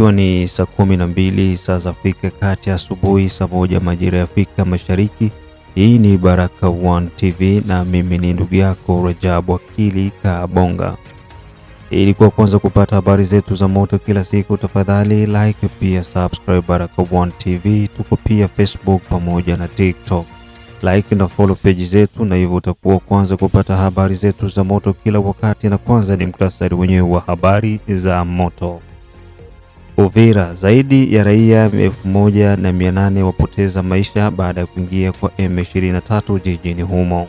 ikiwa ni saa kumi na mbili saa za Afrika Kati, asubuhi saa moja majira ya Afrika Mashariki. Hii ni Baraka One TV na mimi ni ndugu yako Rajabu Akili Kabonga. Ilikuwa kwanza kupata habari zetu za moto kila siku, tafadhali like pia subscribe Baraka One TV. Tuko pia Facebook pamoja na TikTok, like na follow page zetu, na hivyo utakuwa kwanza kupata habari zetu za moto kila wakati. Na kwanza ni mktasari wenyewe wa habari za moto. Uvira, zaidi ya raia nane wapoteza maisha baada ya kuingia kwa M23 jijini humo.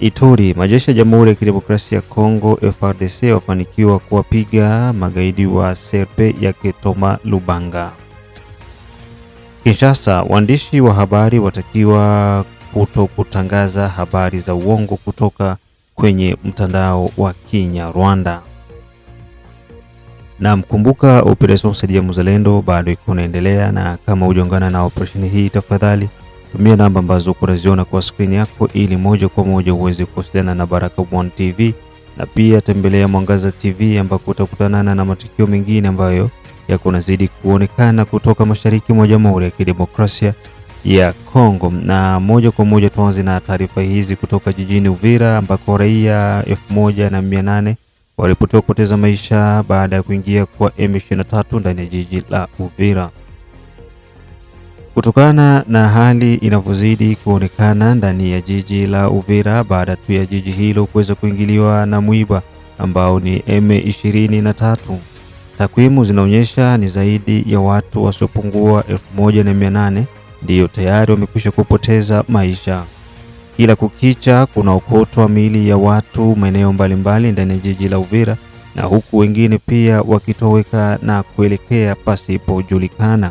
Ituri, majeshi ya Jamhuri ya Kidemokrasia ya Kongo frdc wafanikiwa kuwapiga magaidi wa Serpe ya Ketoma Lubanga. Kinshasa, waandishi wa habari watakiwa kuto kutangaza habari za uongo kutoka kwenye mtandao wa Kinyarwanda. Na mkumbuka operesheni Saidia Mzalendo bado iko inaendelea, na kama hujaungana na operesheni hii, tafadhali tumia namba ambazo unaziona kwa skrini yako, ili moja kwa moja uweze kuwasiliana na baraka One TV, na pia tembelea Mwangaza TV ambako utakutanana na matukio mengine ambayo yako nazidi kuonekana kutoka mashariki mwa Jamhuri ya Kidemokrasia ya Kongo. Na moja kwa moja tuanze na taarifa hizi kutoka jijini Uvira ambako raia elfu moja na mia nane walipotoka kupoteza maisha baada ya kuingia kwa M23 ndani ya jiji la Uvira. Kutokana na hali inavyozidi kuonekana ndani ya jiji la Uvira baada tu ya jiji hilo kuweza kuingiliwa na mwiba ambao ni M23. Takwimu zinaonyesha ni zaidi ya watu wasiopungua 1800 ndiyo tayari wamekwisha kupoteza maisha. Kila kukicha kuna okotwa miili ya watu maeneo mbalimbali ndani ya jiji la Uvira, na huku wengine pia wakitoweka na kuelekea pasipojulikana.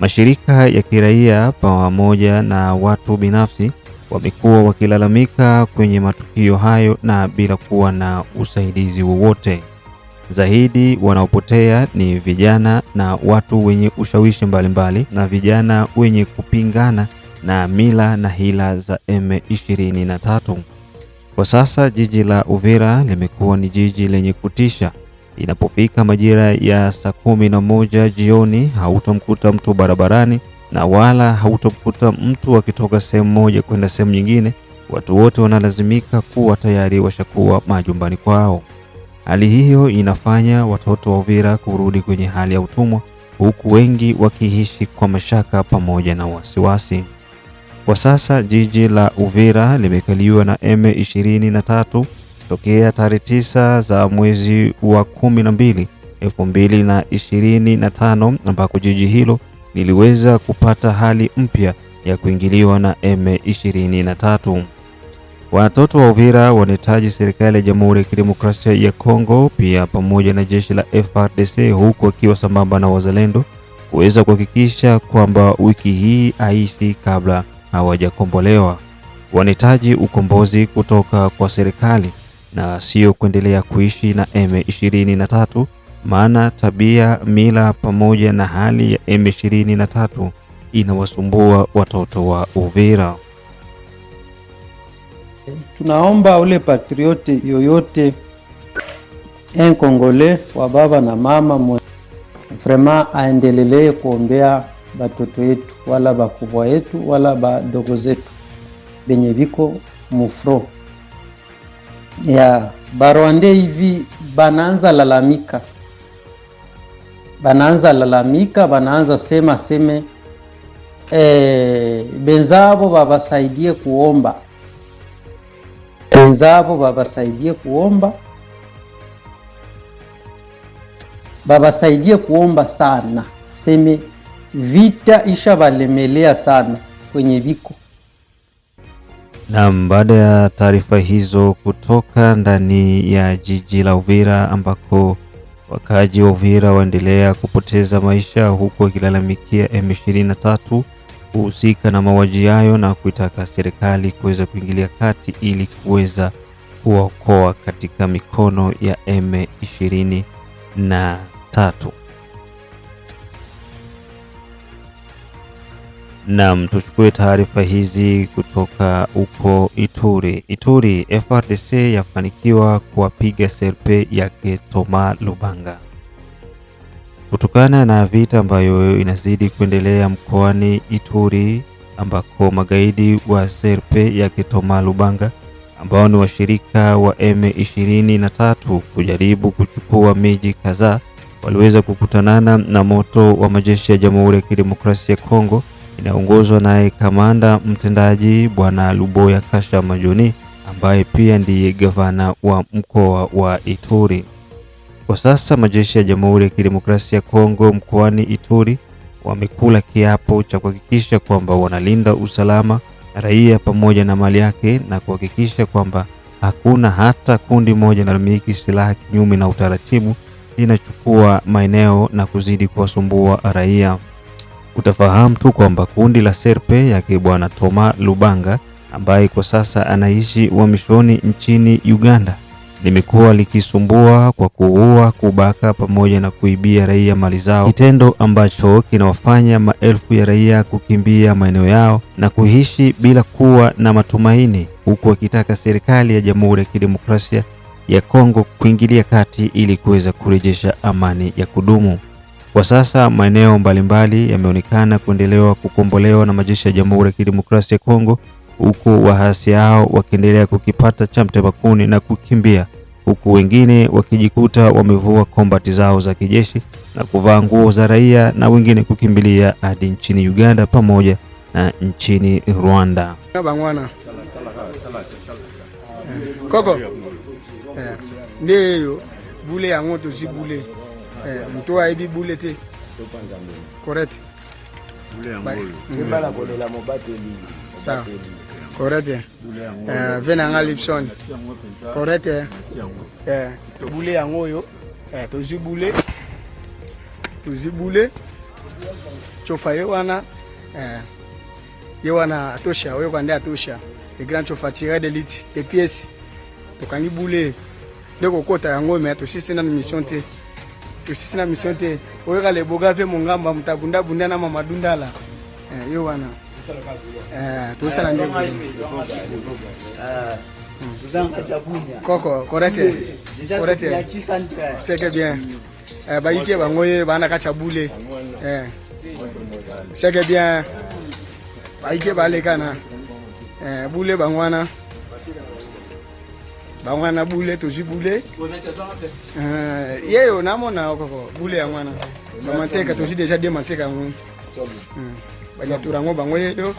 Mashirika ya kiraia pamoja na watu binafsi wamekuwa wakilalamika kwenye matukio hayo na bila kuwa na usaidizi wowote. Zaidi wanaopotea ni vijana na watu wenye ushawishi mbalimbali na vijana wenye kupingana na mila na hila za M23. Kwa sasa jiji la Uvira limekuwa ni jiji lenye kutisha. Inapofika majira ya saa kumi na moja jioni, hautomkuta mtu barabarani na wala hautomkuta mtu akitoka sehemu moja kwenda sehemu nyingine. Watu wote wanalazimika kuwa tayari washakuwa majumbani kwao. Hali hiyo inafanya watoto wa Uvira kurudi kwenye hali ya utumwa, huku wengi wakiishi kwa mashaka pamoja na wasiwasi. Kwa sasa jiji la Uvira limekaliwa na M23 tokea tarehe tisa za mwezi wa kumi na mbili elfu mbili na ishirini na tano ambako jiji hilo liliweza kupata hali mpya ya kuingiliwa na M23. Watoto wa Uvira wanahitaji serikali ya Jamhuri ya Kidemokrasia ya Kongo pia pamoja na jeshi la frdc huku wakiwa sambamba na wazalendo kuweza kuhakikisha kwamba wiki hii haishi kabla hawajakombolewa, wanahitaji ukombozi kutoka kwa serikali na sio kuendelea kuishi na M23, maana tabia, mila pamoja na hali ya M23 inawasumbua watoto wa Uvira. Tunaomba ule patriote yoyote en Kongole wa baba na mama vraiment aendelelee kuombea batoto yetu wala bakubwa yetu wala badogo zetu benye viko mufro ya barwande hivi banaanza lalamika, banaanza lalamika, banaanza sema seme e, benzabo babasaidie kuomba, benzabo babasaidie kuomba, babasaidie kuomba sana seme vita ishawalemelea sana kwenye viko. nam baada ya taarifa hizo kutoka ndani ya jiji la Uvira ambako wakaaji wa Uvira waendelea kupoteza maisha huku wakilalamikia M23 kuhusika na mauaji hayo na kuitaka serikali kuweza kuingilia kati ili kuweza kuwaokoa katika mikono ya M23. Naam, tuchukue taarifa hizi kutoka huko Ituri. Ituri, frdc yafanikiwa kuwapiga serpe yake Toma Lubanga. Kutokana na vita ambayo inazidi kuendelea mkoani Ituri ambako magaidi wa serpe yake Toma Lubanga ambao ni washirika wa M23 kujaribu kuchukua miji kadhaa waliweza kukutanana na moto wa majeshi ya Jamhuri ya Kidemokrasia ya Kongo inaongozwa naye kamanda mtendaji Bwana Luboya Kasha Majoni ambaye pia ndiye gavana wa mkoa wa Ituri. Kwa sasa majeshi ya Jamhuri ya Kidemokrasia ya Kongo mkoani Ituri wamekula kiapo cha kuhakikisha kwamba wanalinda usalama raia pamoja na mali yake na kuhakikisha kwamba hakuna hata kundi moja linalomiliki silaha kinyume na utaratibu linachukua maeneo na kuzidi kuwasumbua raia utafahamu tu kwamba kundi la Serpe yake Bwana Toma Lubanga ambaye kwa sasa anaishi uhamishoni nchini Uganda limekuwa likisumbua kwa kuua, kubaka pamoja na kuibia raia mali zao, kitendo ambacho kinawafanya maelfu ya raia kukimbia maeneo yao na kuishi bila kuwa na matumaini, huku wakitaka serikali ya Jamhuri ya Kidemokrasia ya Kongo kuingilia kati ili kuweza kurejesha amani ya kudumu. Kwa sasa maeneo mbalimbali yameonekana kuendelewa kukombolewa na majeshi ya Jamhuri ya Kidemokrasia ya Kongo, huku waasi hao wakiendelea kukipata cha mtebakuni na kukimbia, huku wengine wakijikuta wamevua kombati zao za kijeshi na kuvaa nguo za raia na wengine kukimbilia hadi nchini Uganda pamoja na nchini Rwanda. Bangwana koko eh, ndiyo bule yango tozibule Eh, mtu aibi bule te correct sawa correct venanga lipson correct bule yango oyo tozwi bule eh, tozwi eh. bule cofa ye wana ye wana atosha oyo kande atosha e grand cofa tire de lit epiese tokangi bule nde kokota yango me tosisi nani mission te tusisi na misio te oyeka leboga mpe mongamba moto abundabunda na mamadundala eh, yo wana eh, tosala nde hmm. koko correct correct seke bien eh, bayiki ye bango ye bule seke bien baike balekana bule bango wana bamwana bule tozi bule eh, yeyo namona okoko bule ya mwana bamanteka tozi deja de manteka yango eh, banyatura yango bango yeyo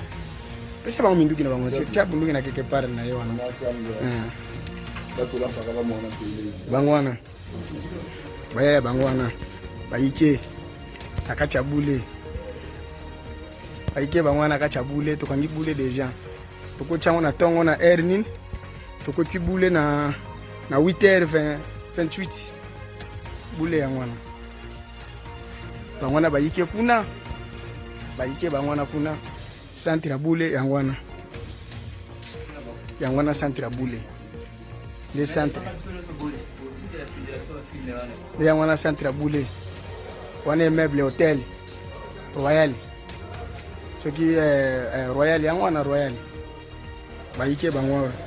pesa bango minduki na bango tya bunduki na keke pare na ye wana eh. bango wana bayaya bango wana bayike na kati ya bule bayike bango wana kati ya bule tokangi bule deja tokotyango na ntongo na air er nini tokoti bule na, na 8h 28 bule ya ngwana bangwana bayike kuna bayike bangwana kuna centre ya bule ya ngwana ya ngwana centre ya bule nde centre nde ya ngwana centre ya bule wana immeuble e hotel royal soki eh, eh, royal ya ngwana royal bayike bangwana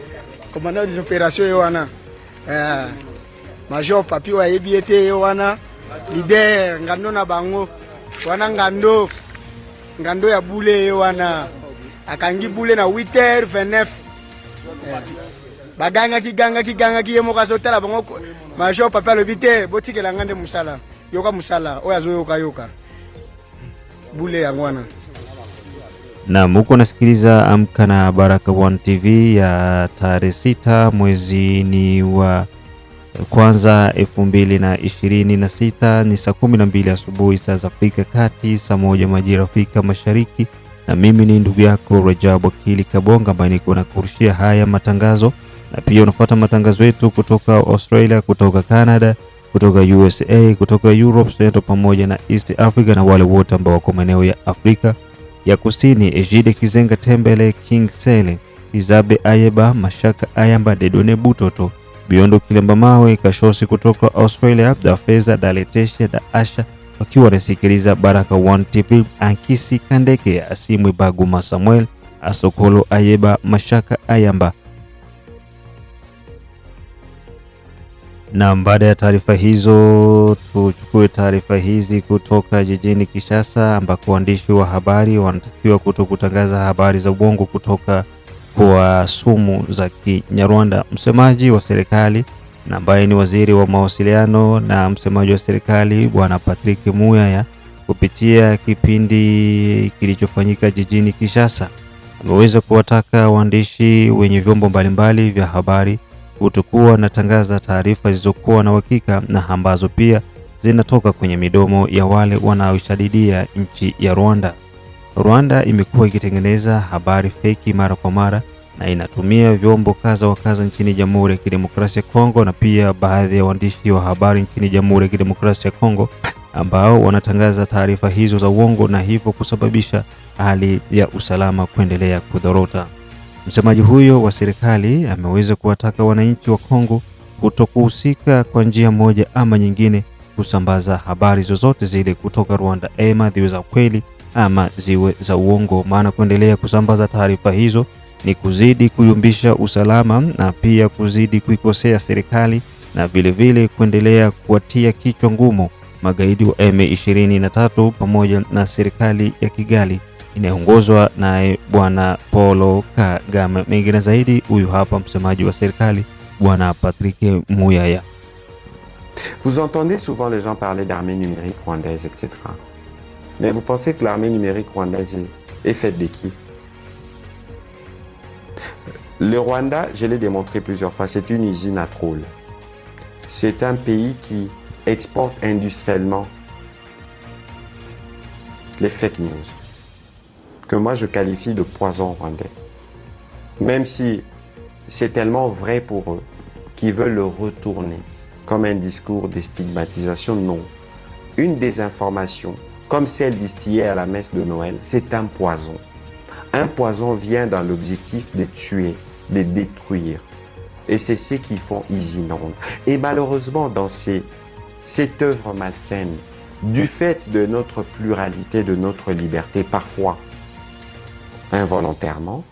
commandeur des opérations ye wana eh, major papi oyo ayebi ye te ye wana lider ngando na bango wana ngando ngando ya bule ye wana akangi bule na 8 h 29 bagangaki gangaki gangaki ye moko azotala bango major papi alobi te botikelanga nde mosala yoka mosala oyo azoyokayoka bule yango wana Naam, huko unasikiliza Amka na Baraka One TV ya tarehe sita mwezi ni wa kwanza elfu mbili na ishirini na sita ni saa kumi na mbili asubuhi saa za Afrika Kati, saa moja majira Afrika Mashariki, na mimi ni ndugu yako Rajabu Akili Kabonga ambaye niko kurushia haya matangazo, na pia unafuata matangazo yetu kutoka Australia, kutoka Canada, kutoka USA, kutoka Europe Central pamoja na East Africa, na wale wote ambao wako maeneo ya Afrika ya kusini Ejide Kizenga Tembele, King Sele, Izabe Ayeba, Mashaka Ayamba, Dedone Butoto, Biondo Kilemba Mawe, Kashosi kutoka Australia, da Daleteshe da Asha wakiwa wanasikiliza Baraka One TV, Ankisi Kandeke, Asimwe Baguma, Samuel Asokolo Ayeba, Mashaka Ayamba Na baada ya taarifa hizo, tuchukue taarifa hizi kutoka jijini Kinshasa, ambako waandishi wa habari wanatakiwa kuto kutangaza habari za uongo kutoka kwa sumu za Kinyarwanda. Msemaji wa serikali na ambaye ni waziri wa mawasiliano na msemaji wa serikali Bwana Patrick Muyaya, kupitia kipindi kilichofanyika jijini Kinshasa, ameweza kuwataka waandishi wenye vyombo mbalimbali vya habari hutokuwa natangaza taarifa zilizokuwa na uhakika na ambazo pia zinatoka kwenye midomo ya wale wanaoshadidia nchi ya Rwanda. Rwanda imekuwa ikitengeneza habari feki mara kwa mara na inatumia vyombo kaza wa kaza nchini Jamhuri ya Kidemokrasia ya Kongo, na pia baadhi ya waandishi wa habari nchini Jamhuri ya Kidemokrasia ya Kongo ambao wanatangaza taarifa hizo za uongo na hivyo kusababisha hali ya usalama kuendelea kudorota. Msemaji huyo wa serikali ameweza kuwataka wananchi wa Kongo kutokuhusika kwa njia moja ama nyingine kusambaza habari zozote zile kutoka Rwanda, ema ziwe za kweli ama ziwe za uongo, maana kuendelea kusambaza taarifa hizo ni kuzidi kuyumbisha usalama na pia kuzidi kuikosea serikali na vilevile kuendelea kuwatia kichwa ngumu magaidi wa M23 pamoja na serikali ya Kigali Vous entendez souvent les gens parler d'armée numérique rwandaise, etc. Mais vous pensez que l'armée numérique rwandaise est faite de qui Le Rwanda, je l'ai démontré plusieurs fois, c'est une usine à troll. C'est un pays qui exporte industriellement les fake news que moi je qualifie de poison rwandais. Même si c'est tellement vrai pour eux qu'ils veulent le retourner comme un discours de stigmatisation, non. Une désinformation, comme celle distillée à la messe de Noël, c'est un poison. Un poison vient dans l'objectif de tuer, de détruire. Et c'est ce qu'ils font, ils inondent. Et malheureusement, dans cette œuvre malsaine, du fait de notre pluralité, de notre liberté, parfois, Involontairement,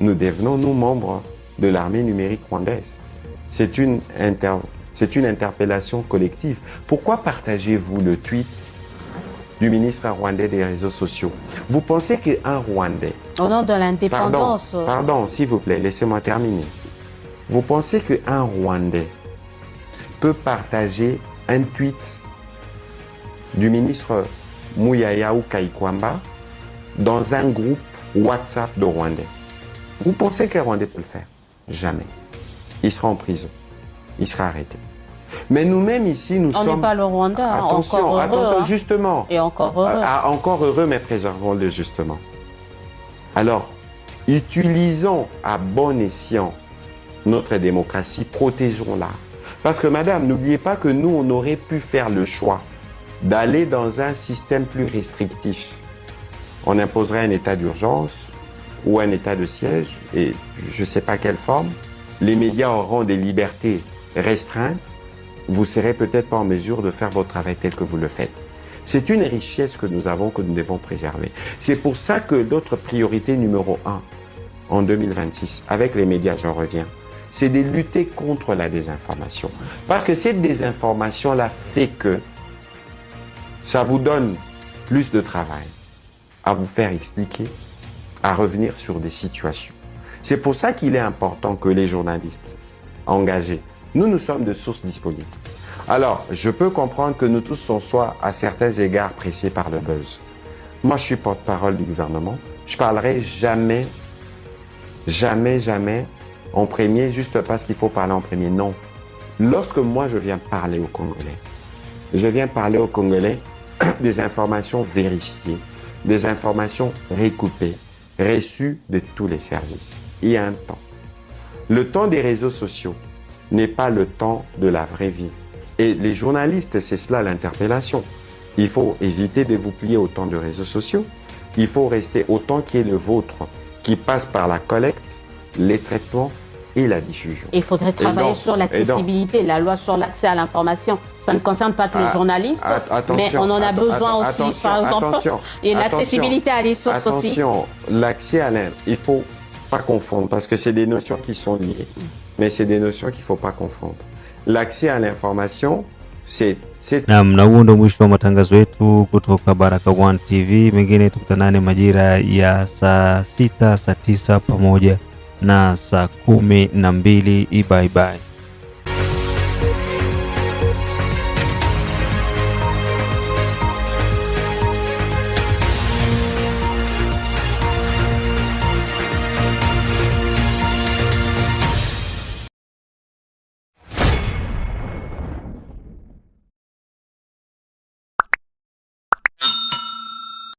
nous devenons nous membres de l'armée numérique rwandaise. C'est une, une interpellation collective. Pourquoi partagez-vous le tweet du ministre rwandais des réseaux sociaux. Vous pensez qu'un Rwandais... Au nom de l'indépendance... Pardon, s'il vous plaît, laissez-moi terminer. Vous pensez qu'un Rwandais peut partager un tweet du ministre Muyaya ou Kaikwamba dans un groupe WhatsApp de Rwandais. Vous pensez que Rwanda Rwandais peut le faire Jamais. Il sera en prison. Il sera arrêté. Mais nous-mêmes ici, nous sommes. On n'est pas le Rwanda. Hein. Attention, attention, hein. justement. Et encore heureux. Ah, ah, encore heureux, mais préservons-le justement. Alors, utilisons à bon escient notre démocratie, protégeons-la. Parce que, madame, n'oubliez pas que nous, on aurait pu faire le choix d'aller dans un système plus restrictif on imposerait un état d'urgence ou un état de siège, et je ne sais pas quelle forme. Les médias auront des libertés restreintes. Vous serez peut-être pas en mesure de faire votre travail tel que vous le faites. C'est une richesse que nous avons, que nous devons préserver. C'est pour ça que notre priorité numéro un en 2026, avec les médias, j'en reviens, c'est de lutter contre la désinformation. Parce que cette désinformation-là fait que ça vous donne plus de travail, à vous faire expliquer, à revenir sur des situations. C'est pour ça qu'il est important que les journalistes engagés, nous, nous sommes de sources disponibles. Alors, je peux comprendre que nous tous, on soit à certains égards pressés par le buzz. Moi, je suis porte-parole du gouvernement. Je parlerai jamais, jamais, jamais en premier, juste parce qu'il faut parler en premier. Non. Lorsque moi, je viens parler aux Congolais, je viens parler aux Congolais des informations vérifiées, des informations recoupées, reçues de tous les services. Il y a un temps. Le temps des réseaux sociaux n'est pas le temps de la vraie vie. Et les journalistes, c'est cela l'interpellation. Il faut éviter de vous plier au temps de réseaux sociaux. Il faut rester au temps qui est le vôtre, qui passe par la collecte, les traitements, et la diffusion. Il faudrait travailler sur l'accessibilité, la loi sur l'accès à l'information. Ça ne ah, concerne pas tous les ah, journalistes, ah, mais on en a besoin aussi, par exemple. et l'accessibilité à des sources aussi. Attention, l'accès à l'information, il faut pas confondre, parce que c'est des notions qui sont liées, mais c'est des notions qu'il ne faut pas confondre. L'accès à l'information, c'est Naam, na ndo mwisho wa matangazo yetu kutoka Baraka One TV. Mengine tukutanane majira ya saa sita, saa pamoja na saa kumi na mbili. Bye bye.